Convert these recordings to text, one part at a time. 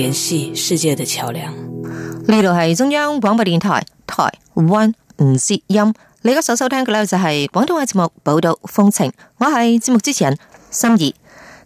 聯繫世界的橋樑，呢度係中央廣播電台台灣之音。你嗰首收聽嘅呢，就係廣東話節目報道風情。我係節目主持人心怡。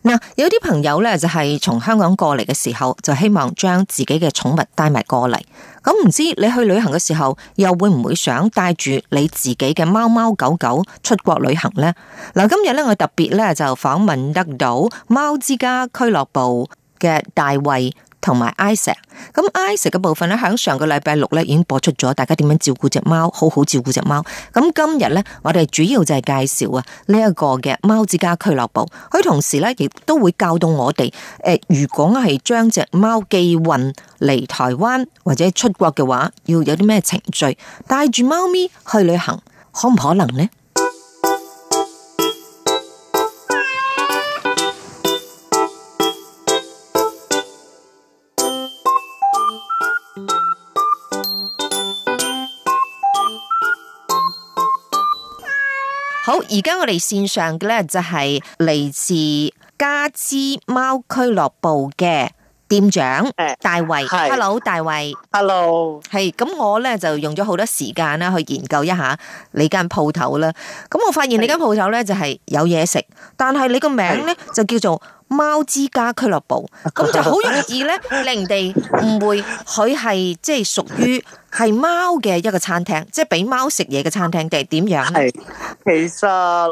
嗱。Now, 有啲朋友呢，就係、是、從香港過嚟嘅時候，就希望將自己嘅寵物帶埋過嚟。咁唔知你去旅行嘅時候又會唔會想帶住你自己嘅貓貓狗狗出國旅行呢？嗱，今日呢，我特別呢，就訪問得到貓之家俱樂部嘅大衛。同埋 Isa，咁 Isa 嘅部分咧，響上個禮拜六咧已經播出咗，大家點樣照顧隻貓，好好照顧隻貓。咁今日咧，我哋主要就係介紹啊呢一個嘅貓之家俱樂部，佢同時咧亦都會教到我哋誒、呃，如果係將隻貓寄運嚟台灣或者出國嘅話，要有啲咩程序？帶住貓咪去旅行可唔可能咧？好，而家我哋線上嘅咧就係嚟自貓之家俱樂部嘅店長大衛、欸，hello，大衛，hello，係，咁我咧就用咗好多時間啦去研究一下你間鋪頭啦，咁我發現你間鋪頭咧就係有嘢食，但係你個名咧就叫做貓之家俱樂部，咁就好容易咧令 人哋誤會佢係即係屬於。就是係貓嘅一個餐廳，即係俾貓食嘢嘅餐廳定點樣？係其實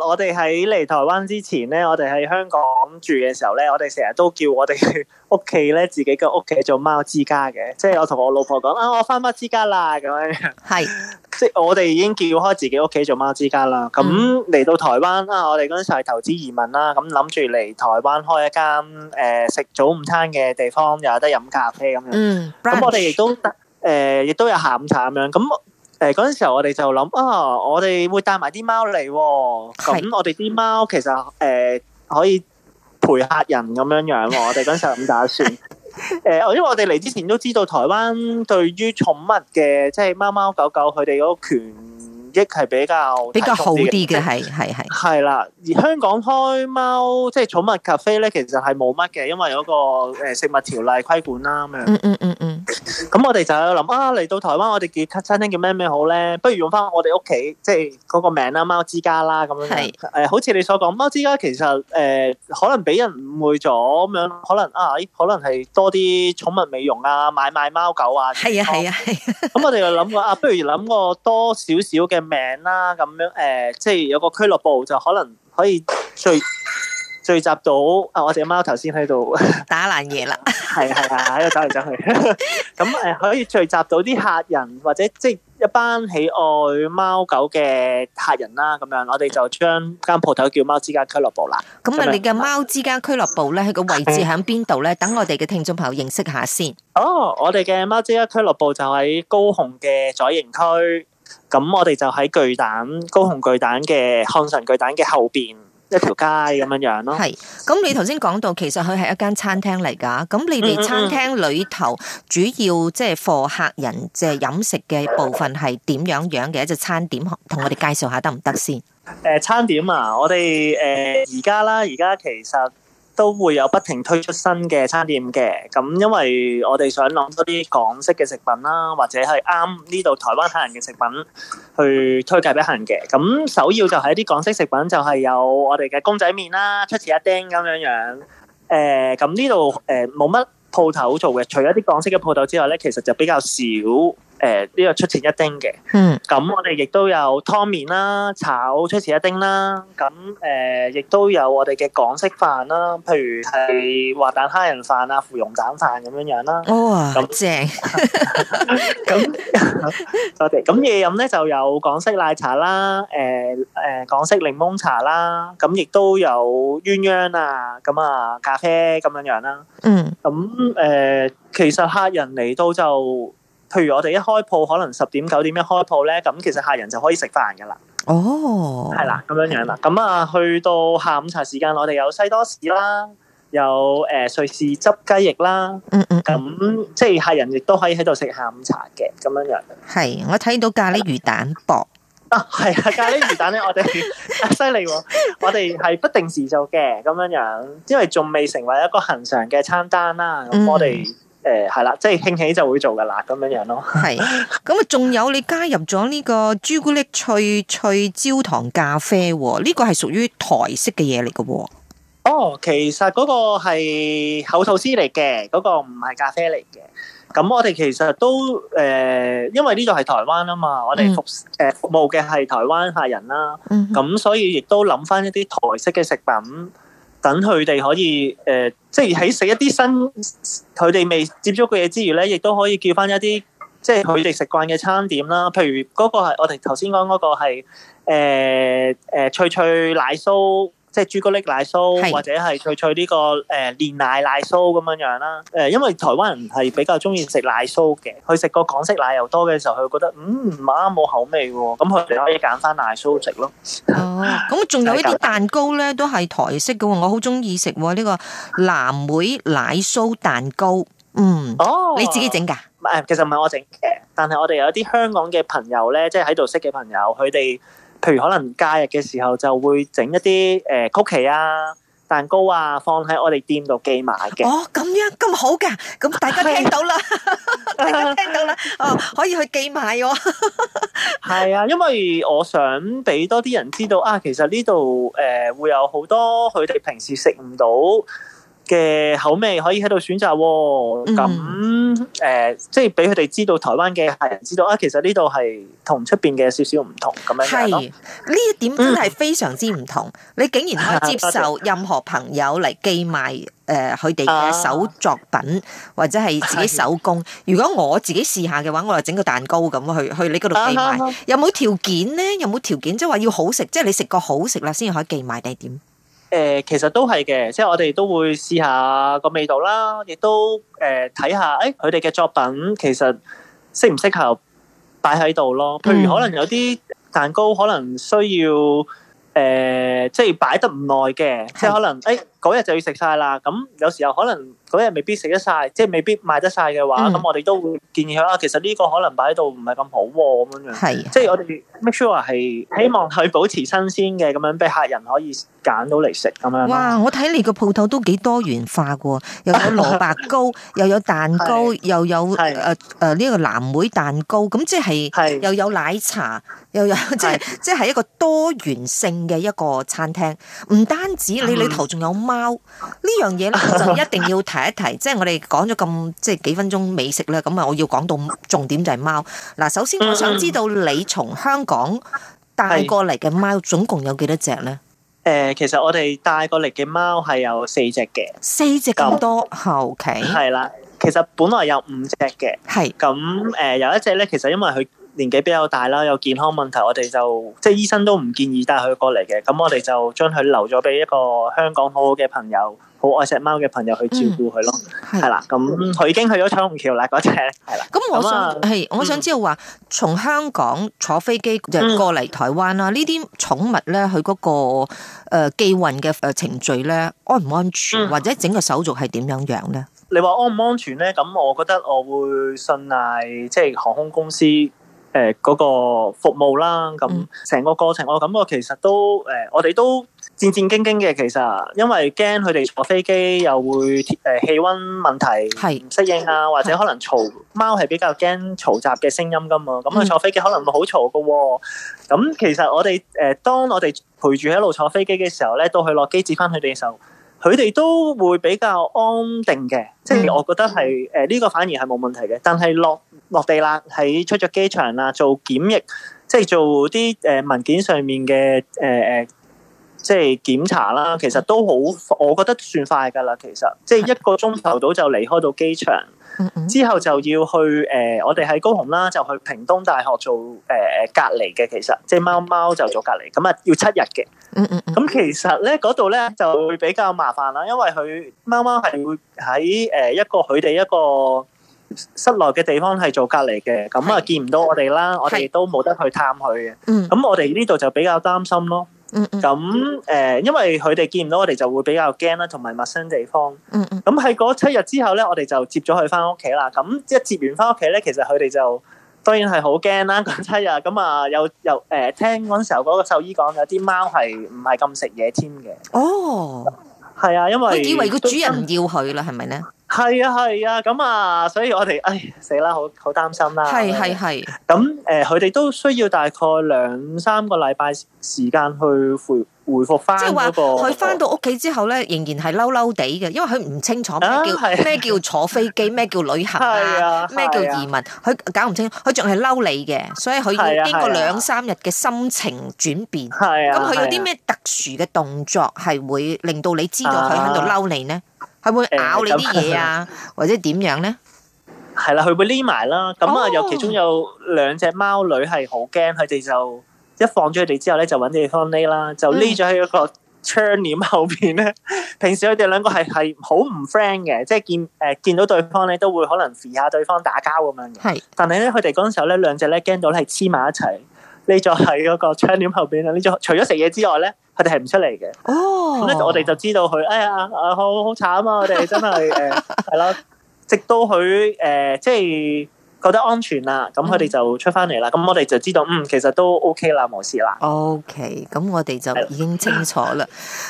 我哋喺嚟台灣之前咧，我哋喺香港住嘅時候咧，我哋成日都叫我哋屋企咧自己嘅屋企做貓之家嘅，即係我同我老婆講啊，我翻貓之家啦咁樣樣。係是即係我哋已經叫開自己屋企做貓之家啦。咁嚟到台灣、嗯、啊，我哋嗰陣時係投資移民啦，咁諗住嚟台灣開一間誒食早午餐嘅地方又有得飲咖啡咁樣。嗯，咁我哋亦都。嗯誒，亦、呃、都有下午茶咁樣，咁誒嗰陣時候我哋就諗啊，我哋會帶埋啲貓嚟喎、哦，咁是我哋啲貓其實誒、呃、可以陪客人咁樣樣喎，我哋嗰陣時候咁打算。誒、 呃，因為我哋嚟之前都知道台灣對於寵物嘅，即、就、係、是、貓貓狗狗佢哋嗰個權。益係比較比較好啲嘅係係係係啦， 而香港開貓即係、就是、寵物咖啡咧，其實係冇乜嘅，因為嗰個食物條例規管啦咁樣。嗯嗯嗯嗯。咁、嗯嗯、我哋就係諗啊，嚟到台灣我哋叫餐廳叫咩咩好咧？嗯嗯嗯嗯、不如用翻我哋屋企即係嗰個名啦，貓之家啦咁樣。係是。誒、嗯，好似你所講，貓之家其實誒、呃、可能俾人誤會咗咁樣，可能啊，可能係多啲寵物美容啊，買賣貓，買貓狗啊。係啊係啊係。咁我哋就諗過啊，不如諗過多少少嘅。 名啦咁樣，誒、嗯，即係有個俱樂部就可能可以聚聚集到啊！我隻貓頭先喺度打爛嘢啦，係係啊，喺度走嚟走去。咁誒、嗯嗯，可以聚集到啲客人或者即係一班喜愛貓狗嘅客人啦。咁樣，我哋就將間鋪頭叫貓之家俱樂部啦。咁啊，你嘅貓之家俱樂部咧，佢個位置喺邊度咧？等的我哋嘅聽眾朋友認識下先。哦，我哋嘅貓之家俱樂部就喺高雄嘅左營區。咁我哋就喺巨蛋高雄巨蛋嘅漢神巨蛋嘅後邊一條街咁樣樣咯。係，咁你頭先講到，其實佢係一間餐廳嚟噶。咁你哋餐廳裏頭主要即係服務客人即係飲食嘅部分係點樣樣嘅？一隻餐點同我哋介紹下得唔得先？誒，餐點啊，我哋誒而家啦，而家其實。都會有不停推出新嘅餐店嘅，咁因為我哋想攞多啲港式嘅食品啦，或者係啱呢度台灣客人嘅食品去推介俾客人嘅，咁首要就係一啲港式食品，就係有我哋嘅公仔麵啦、出前一丁咁樣樣。誒、呃，咁呢度誒冇乜鋪頭做嘅，除咗啲港式嘅鋪頭之外呢，其實就比較少。誒呢個出前一丁嘅，咁我哋亦都有湯麵啦、炒出前一丁啦，咁誒亦都有我哋嘅港式飯啦，譬如係滑蛋蝦仁飯啊、芙蓉蛋飯咁樣樣啦。哦，咁正，咁多謝。咁嘢飲咧就有港式奶茶啦，誒誒港式檸檬茶啦，咁亦都有鴛鴦啊，咁啊咖啡咁樣樣啦。嗯，咁誒其實客人嚟到就～譬如我哋一開鋪，可能十點九點一開鋪咧，咁其實客人就可以食飯噶啦。哦、oh，係啦，咁樣樣啦。咁啊、嗯，去到下午茶時間，我哋有西多士啦，有誒瑞士汁雞翼啦。嗯嗯。咁即係客人亦都可以喺度食下午茶嘅，咁樣樣。係，我睇到咖喱魚蛋薄。啊，係啊，咖喱魚蛋咧， 我哋係，啊，犀利喎！我哋係不定時做嘅，咁樣樣，因為仲未成為一個恒常嘅餐單啦。我、嗯、哋。嗯誒，係啦、嗯，即係興起就會做噶啦，咁樣樣咯。係，咁啊仲有你加入咗呢個朱古力脆脆焦糖咖啡喎，呢、這個係屬於台式嘅嘢嚟噶喎。哦，其實嗰個係口吐司嚟嘅，嗰、那個唔係咖啡嚟嘅。咁我哋其實都誒、呃，因為呢度係台灣啊嘛，嗯、我哋服誒服務嘅係台灣客人啦，咁、嗯、哼所以亦都諗翻一啲台式嘅食品。等佢哋可以誒、呃，即係喺食一啲新佢哋未接觸嘅嘢之餘咧，亦都可以叫翻一啲即係佢哋食慣嘅餐點啦。譬如嗰個係我哋頭先講嗰個係誒、呃呃、脆脆奶酥。即係朱古力奶酥或者係脆脆呢個誒煉奶奶酥咁樣樣啦。誒，因為台灣人係比較中意食奶酥嘅，佢食過港式奶油多嘅時候，佢覺得嗯唔啱冇口味喎，咁佢哋可以揀翻奶酥食咯。哦，咁仲有一啲蛋糕咧，都係台式嘅喎，我好中意食呢個藍莓奶酥蛋糕。嗯，哦，你自己整㗎？唔係，其實唔係我整嘅，但係我哋有啲香港嘅朋友咧，即係喺度識嘅朋友，佢哋。譬如可能假日嘅時候，就會整一啲誒、呃、曲奇啊、蛋糕啊，放喺我哋店度寄賣嘅。哦，咁樣咁好㗎，咁大家聽到啦， 大家聽到啦， 哦，可以去寄賣，哦。係 啊，因為我想俾多啲人知道啊，其實呢度誒會有好多佢哋平時食唔到。嘅口味可以喺度選擇喎、哦，咁、嗯、誒、嗯呃，即係俾佢哋知道台灣嘅客人知道啊，其實呢度係同出邊嘅少少唔同咁樣咯。係呢一點真係非常之唔同。嗯、你竟然可以接受任何朋友嚟寄賣誒佢哋嘅手作品、啊、或者係自己手工。的如果我自己試下嘅話，我就整個蛋糕咁去去你嗰度寄賣。啊啊啊啊、有冇條件呢？有冇條件？即係話要好食，即、就、係、是、你食過好食啦，先至可以寄賣定係點？誒、呃、其實都係嘅，即係我哋都會試下個味道啦，亦都誒睇下，誒佢哋嘅作品其實適唔適合擺喺度咯。譬如可能有啲蛋糕可能需要誒、呃，即係擺得唔耐嘅，即係可能誒。的嗰日就要食晒啦，咁有時候可能嗰日未必食得晒，即係未必賣得晒嘅話，咁我哋都會建議佢啊。其實呢個可能擺喺度唔係咁好喎咁樣，mm、即係我哋 make sure 係希望佢保持新鮮嘅，咁樣俾客人可以揀到嚟食咁樣。咁樣，哇！我睇你個鋪頭都幾多元化噶，又有蘿蔔糕，又有蛋糕，又有誒誒呢個藍莓蛋糕，咁即係又有奶茶，又有即係即係一個多元性嘅一個餐廳，唔單止你裏頭仲有貓呢樣嘢咧就一定要提一提，即係我哋講咗咁即係幾分鐘美食啦，咁啊，我要講到重點就係貓。嗱，首先我想知道你從香港帶過嚟嘅貓總共有幾多隻咧？誒，其實我哋帶過嚟嘅貓係有四隻嘅，四隻咁多後期係啦。其實本來有五隻嘅，係咁誒，有一隻咧，其實因為佢。年紀比較大啦，有健康問題，我哋就即係醫生都唔建議帶佢過嚟嘅，咁我哋就將佢留咗俾一個香港好好嘅朋友，好愛隻貓嘅朋友去照顧佢咯，係啦、嗯，咁佢已經去咗彩虹橋啦，嗰隻係啦。咁我想係我想知道話，從香港坐飛機就過嚟台灣啦，呢啲寵物咧，佢嗰個誒寄運嘅程序咧，安唔安全，或者整個手續係點樣樣咧？你話安唔安全咧？咁我覺得我會信賴即係航空公司。誒嗰、呃那個服務啦，咁成個過程，嗯哦、我感覺其實都誒、呃，我哋都戰戰兢兢嘅。其實，因為驚佢哋坐飛機又會誒、呃、氣溫問題，係唔適應啊，是或者可能嘈，是貓係比較驚嘈雜嘅聲音㗎嘛。咁佢坐飛機可能會好嘈㗎。咁、嗯、其實我哋誒、呃，當我哋陪住喺一路坐飛機嘅時候咧，到佢落機接返佢哋嘅時候。佢哋都會比較安定嘅，即係我覺得係誒呢個反而係冇問題嘅。但係落落地啦，喺出咗機場啦，做檢疫，即係做啲誒、呃、文件上面嘅誒誒，即係檢查啦。其實都好，我覺得算快㗎啦。其實即係一個鐘頭到就離開到機場，之後就要去誒、呃，我哋喺高雄啦，就去屏東大學做誒、呃、隔離嘅。其實即係貓貓就做隔離，咁啊要七日嘅。嗯嗯，咁、嗯、其實咧嗰度咧就會比較麻煩啦，因為佢貓貓係會喺誒一個佢哋一個室內嘅地方係做隔離嘅，咁啊是見唔到我哋啦，是我哋都冇得去探佢嘅。咁、嗯、我哋呢度就比較擔心咯。咁誒、嗯，嗯、因為佢哋見唔到我哋就會比較驚啦，同埋陌生地方。咁喺嗰七日之後咧，我哋就接咗佢翻屋企啦。咁一接完翻屋企咧，其實佢哋就。當然係好驚啦，講真呀，咁啊又又誒聽嗰陣時候嗰個獸醫講有啲貓係唔係咁食嘢添嘅。哦，係 啊，因為佢以為個主人唔要佢啦，係咪咧？是係啊係啊，咁啊，所以我哋唉死啦，好好擔心啦。係係係，咁誒，佢哋都需要大概兩三個禮拜時間去回回復翻。即係話佢翻到屋企之後咧，仍然係嬲嬲地嘅，因為佢唔清楚咩叫咩叫坐飛機，咩叫旅行咩，啊啊啊，叫移民，佢搞唔清，佢仲係嬲你嘅，所以佢要經，經過兩三日嘅心情轉變。係咁，佢有啲咩特殊嘅動作係會令到你知道佢喺度嬲你呢？佢會咬你啲嘢啊，嗯、或者點樣咧？係啦，佢會匿埋啦。咁啊，有、哦、其中有兩隻貓女係好驚，佢哋就一放咗佢哋之後咧，就搵地方匿啦，就匿咗喺一個窗簾後邊咧。嗯、平時佢哋兩個係係好唔 friend 嘅，即係見誒、呃、見到對方咧都會可能 f 下對方打交咁樣嘅。係是，但係咧佢哋嗰陣時候咧，兩隻咧驚到係黐埋一齊匿咗喺嗰個窗簾後邊啦。匿咗除咗食嘢之外咧。佢哋係唔出嚟嘅，咁、哦、我哋就知道佢、哎，哎呀，好好慘啊！我哋真係，誒，係咯，直到佢，誒、呃，即係覺得安全啦，咁佢哋就出翻嚟啦。咁、嗯、我哋就知道，嗯，其實都 OK 啦，冇事啦，OK。咁我哋就已經清楚啦。是的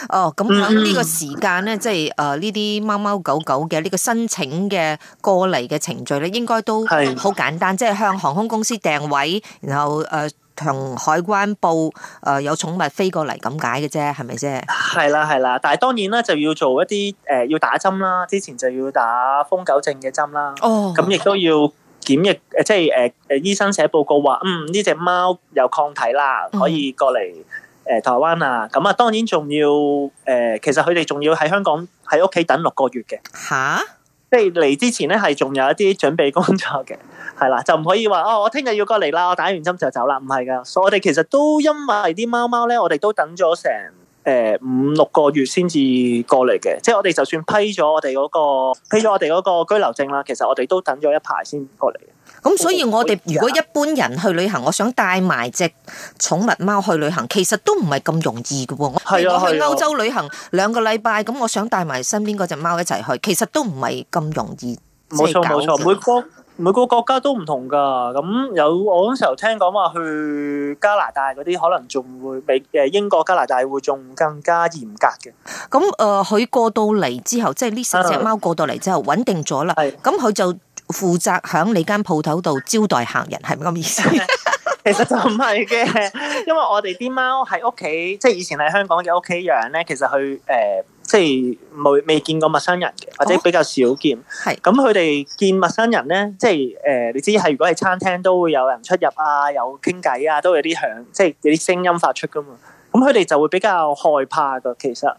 哦，咁呢個時間咧，即係誒呢啲貓貓狗狗嘅呢、這個申請嘅過嚟嘅程序咧，應該都好簡單，即係的向航空公司訂位，然後誒。同海關報誒有寵物飛過嚟，咁解嘅啫，係咪先？係啦係啦，但係當然啦，就要做一啲誒、呃，要打針啦，之前就要打瘋狗症嘅針啦。哦，咁亦都要檢疫誒，即係誒誒醫生寫報告話嗯，呢隻貓有抗體啦，可以過嚟誒台灣啊。咁啊、嗯，當然仲要誒、呃，其實佢哋仲要喺香港喺屋企等六個月嘅吓。即係嚟之前咧，係仲有一啲準備工作嘅，係啦，就唔可以話哦，我聽日要過嚟啦，我打完針就走啦，唔係㗎，所以我哋其實都因為啲貓貓咧，我哋都等咗成。誒，五六個月先至過嚟嘅，即係我哋就算批咗我哋嗰、嗰個批咗我哋個居留證啦，其實我哋都等咗一排先過嚟。咁、嗯嗯、所以，我哋如果一般人去旅行，我想帶埋隻寵物貓去旅行，其實都唔係咁容易嘅喎。我去歐洲旅行兩個禮拜，咁我想帶埋身邊嗰隻貓一齊去，其實都唔係咁容易。冇錯冇錯，每個。每個國家都唔同㗎，咁有我嗰時候聽講話去加拿大嗰啲，可能仲會比誒英國加拿大會仲更加嚴格嘅。咁誒、嗯，佢、呃、過到嚟之後，即係呢四隻貓過到嚟之後穩定咗啦。咁佢是就負責喺你間鋪頭度招待客人，係咪咁意思？ 其實就唔係嘅，因為我哋啲貓喺屋企，即係以前喺香港嘅屋企養咧，其實佢誒。呃即係冇未見過陌生人嘅，或者比較少見。係咁、哦，佢哋見陌生人咧，即係誒、呃，你知係如果喺餐廳都會有人出入啊，有傾偈啊，都會有啲響，即係有啲聲音發出㗎嘛。咁佢哋就會比較害怕㗎。其實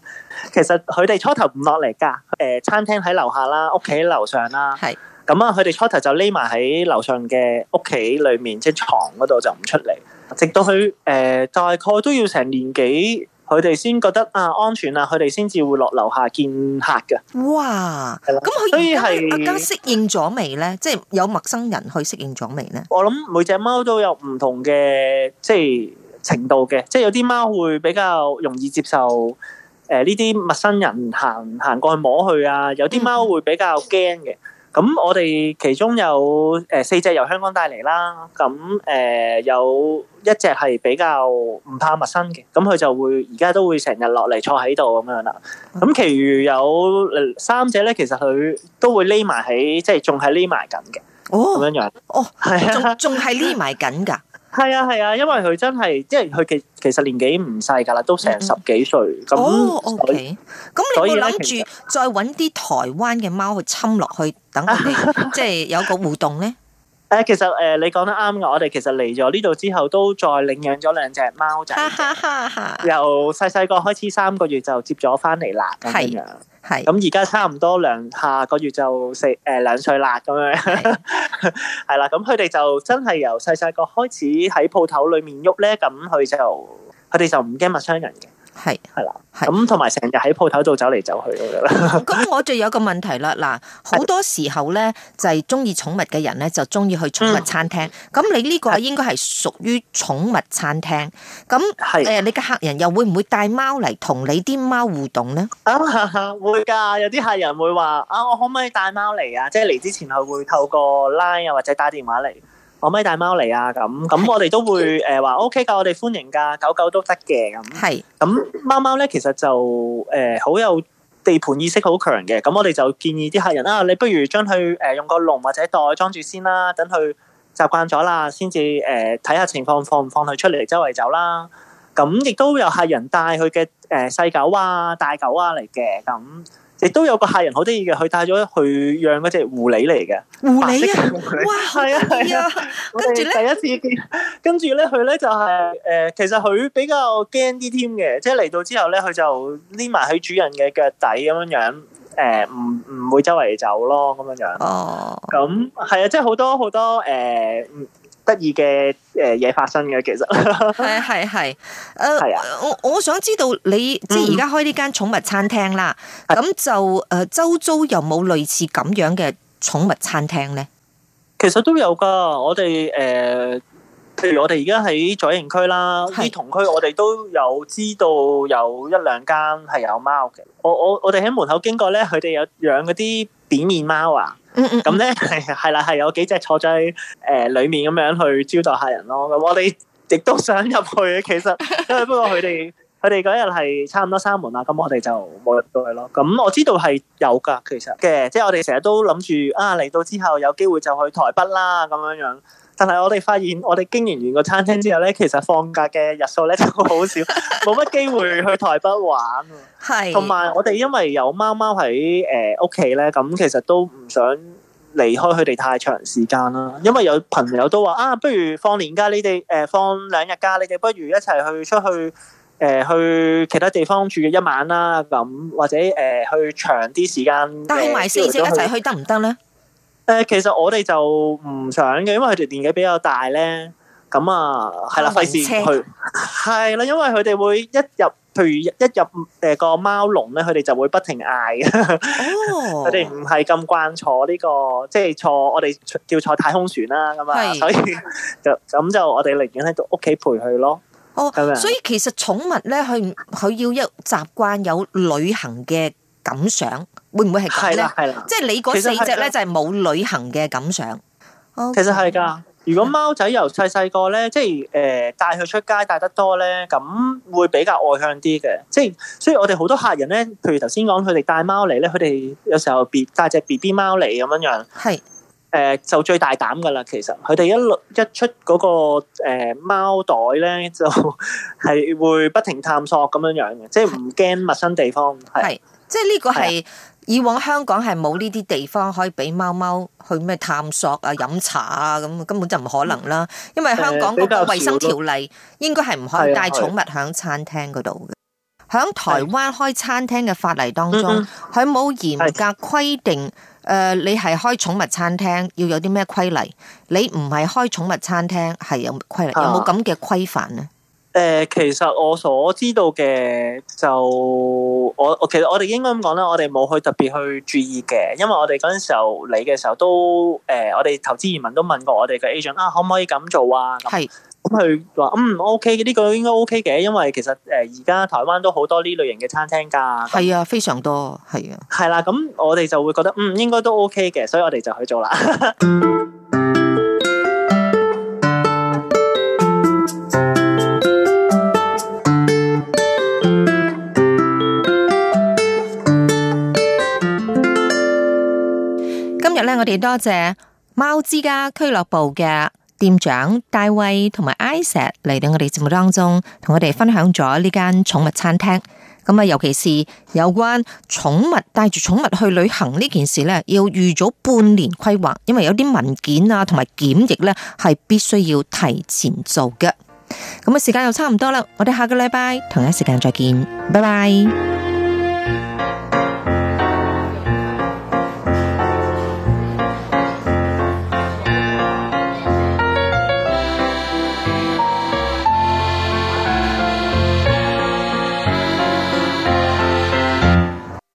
其實佢哋初頭唔落嚟㗎。誒、呃，餐廳喺樓下啦，屋企喺樓上啦。係咁是啊，佢哋初頭就匿埋喺樓上嘅屋企裏面，即係床嗰度就唔出嚟，直到佢誒、呃、大概都要成年幾。佢哋先覺得啊安全啊，佢哋先至會落樓下見客㗎。哇！係啦，咁佢依係阿家適應咗未呢？即係有陌生人去適應咗未呢？我諗每隻貓都有唔同嘅即係程度嘅，即係有啲貓會比較容易接受誒呢啲陌生人行行過去摸佢啊，有啲貓會比較驚嘅。咁我哋其中有誒、呃、四隻由香港帶嚟啦，咁誒、呃、有一隻係比較唔怕陌生嘅，咁佢就會而家都會成日落嚟坐喺度咁樣啦。咁其餘有三隻咧，其實佢都會匿埋喺，即係仲係匿埋緊嘅。哦，咁樣樣，哦，係呀，仲仲係匿埋緊㗎。係啊係啊，因為佢真係，即係佢其其實年紀唔細噶啦，都成十幾歲咁。哦，OK。咁你會諗住再揾啲台灣嘅貓去侵落去，等佢哋 即係有個互動咧。誒，其實誒，你講得啱嘅，我哋其實嚟咗呢度之後，都再領養咗兩隻貓仔，由細細個開始，三個月就接咗翻嚟啦，咁樣，係，咁而家差唔多兩下個月就四誒兩歲啦，咁樣，係啦，咁佢哋就真係由細細個開始喺鋪頭裏面喐咧，咁佢就佢哋就唔驚陌生人嘅。係係啦，咁同埋成日喺鋪頭度走嚟走去咁樣。咁我就有個問題啦，嗱的，好多時候咧就係中意寵物嘅人咧就中意去寵物餐廳。咁的你呢個係應該係屬於寵物餐廳。咁誒的，你嘅客人又會唔會帶貓嚟同你啲貓互動咧？啊，會噶，有啲客人會話啊，我可唔可以帶貓嚟啊？即係嚟之前係會透過 Line 又或者打電話嚟。可唔可以帶貓嚟啊，咁咁我哋都會誒話 OK 噶，我哋歡迎噶，狗狗都得嘅咁。係咁貓貓咧，其實就誒、呃、好有地盤意識強，好強嘅。咁我哋就建議啲客人啊，你不如將佢誒用個籠或者袋裝住先啦，等佢習慣咗啦，先至誒睇下情況放唔放佢出嚟周圍走啦。咁亦都有客人帶佢嘅誒細狗啊、大狗啊嚟嘅咁。亦都有個客人好得意嘅，佢帶咗去養嗰隻狐狸嚟嘅。狐狸啊，哇！係啊係啊，跟住咧第一次見，跟住咧佢咧就係、是、誒、呃，其實佢比較驚啲添嘅，即係嚟到之後咧，佢就匿埋喺主人嘅腳底咁樣樣，誒、呃，唔唔會周圍走咯，咁樣樣。哦，咁係啊，即係好多好多誒。呃得意嘅誒嘢發生嘅， 其實係係係，誒係啊！我我想知道你即係而家開呢間寵物餐廳啦，咁、嗯、就誒、呃、周遭有冇類似咁樣嘅寵物餐廳咧？其實都有噶，我哋誒，譬、呃、如我哋而家喺左營區啦，喺是同區我哋都有知道有一兩間係有貓嘅。我我我哋喺門口經過咧，佢哋有養嗰啲扁面貓啊。咁咧係係啦，係、嗯嗯、 有幾隻坐咗喺誒裏面咁樣去招待客人咯。咁我哋亦都想入去，其實因為不過佢哋佢哋嗰日係差唔多閂門啦。咁我哋就冇入到去咯。咁我知道係有噶，其實嘅，即係我哋成日都諗住啊嚟到之後有機會就去台北啦，咁樣樣。但係我哋發現，我哋經營完個餐廳之後咧，其實放假嘅日數咧就好少，冇乜機會去台北玩。係，同埋我哋因為有貓貓喺誒屋企咧，咁、呃、其實都唔想離開佢哋太長時間啦。因為有朋友都話啊，不如放年假，你哋誒、呃、放兩日假，你哋不如一齊去出去誒、呃、去其他地方住一晚啦。咁或者誒、呃、去長啲時間，帶埋四姐一齊去得唔得咧？誒，其實我哋就唔想嘅，因為佢哋年紀比較大咧，咁啊係啦，費事、啊嗯、去係啦、啊，因為佢哋會一入譬如一入誒個貓籠咧，佢哋就會不停嗌，佢哋唔係咁慣坐呢、這個，即、就、係、是、坐我哋叫坐太空船啦，咁啊，是所以就咁就，就我哋寧願喺度屋企陪佢咯。哦，咁啊樣，所以其實寵物咧，佢佢要有習慣有旅行嘅感想。會唔會係咁咧？係喇，係喇。即係你嗰四隻咧，就係冇旅行嘅感想。其實係噶，如果貓仔由細細個咧，即係誒帶佢出街帶得多咧，咁會比較外向啲嘅。即係，所以我哋好多客人咧，譬如頭先講佢哋帶貓嚟咧，佢哋有時候別帶隻 BB 貓嚟，咁樣樣。係誒，就最大膽噶啦。其實佢哋一一出嗰個誒貓袋咧，就係會不停探索咁樣樣嘅，即係唔驚陌生地方。係即係呢個係。以往香港係冇呢啲地方可以俾貓貓去咩探索啊、飲茶啊咁，根本就唔可能啦。因為香港嗰個衛生條例應該係唔可以帶寵物響餐廳嗰度嘅。響台灣開餐廳嘅法例當中，佢冇嚴格規定，誒、呃，你係開寵物餐廳要有啲咩規例？你唔係開寵物餐廳係有規例？有冇咁嘅規範呢？誒、呃，其實我所知道嘅就我，我其實我哋應該咁講啦，我哋冇去特別去注意嘅，因為我哋嗰陣時候嚟嘅時候都誒、呃，我哋投資移民都問過我哋嘅 agent 啊，可唔可以咁做啊？係是，咁佢話嗯 OK 嘅，呢個應該 OK 嘅，因為其實誒而家台灣都好多呢類型嘅餐廳㗎，係啊，非常多，係啊，係啦、啊，咁我哋就會覺得嗯應該都 OK 嘅，所以我哋就去做啦。 我哋多謝貓之家俱樂部嘅店長大衛同埋艾薩嚟到我哋節目當中，同我哋分享咗呢間寵物餐廳。咁啊，尤其是有關寵物帶住寵物去旅行呢件事咧，要預早半年規劃，因為有啲文件啊同埋檢疫咧係必須要提前做嘅。咁啊，時間又差唔多啦，我哋下個禮拜同一時間再見，拜拜。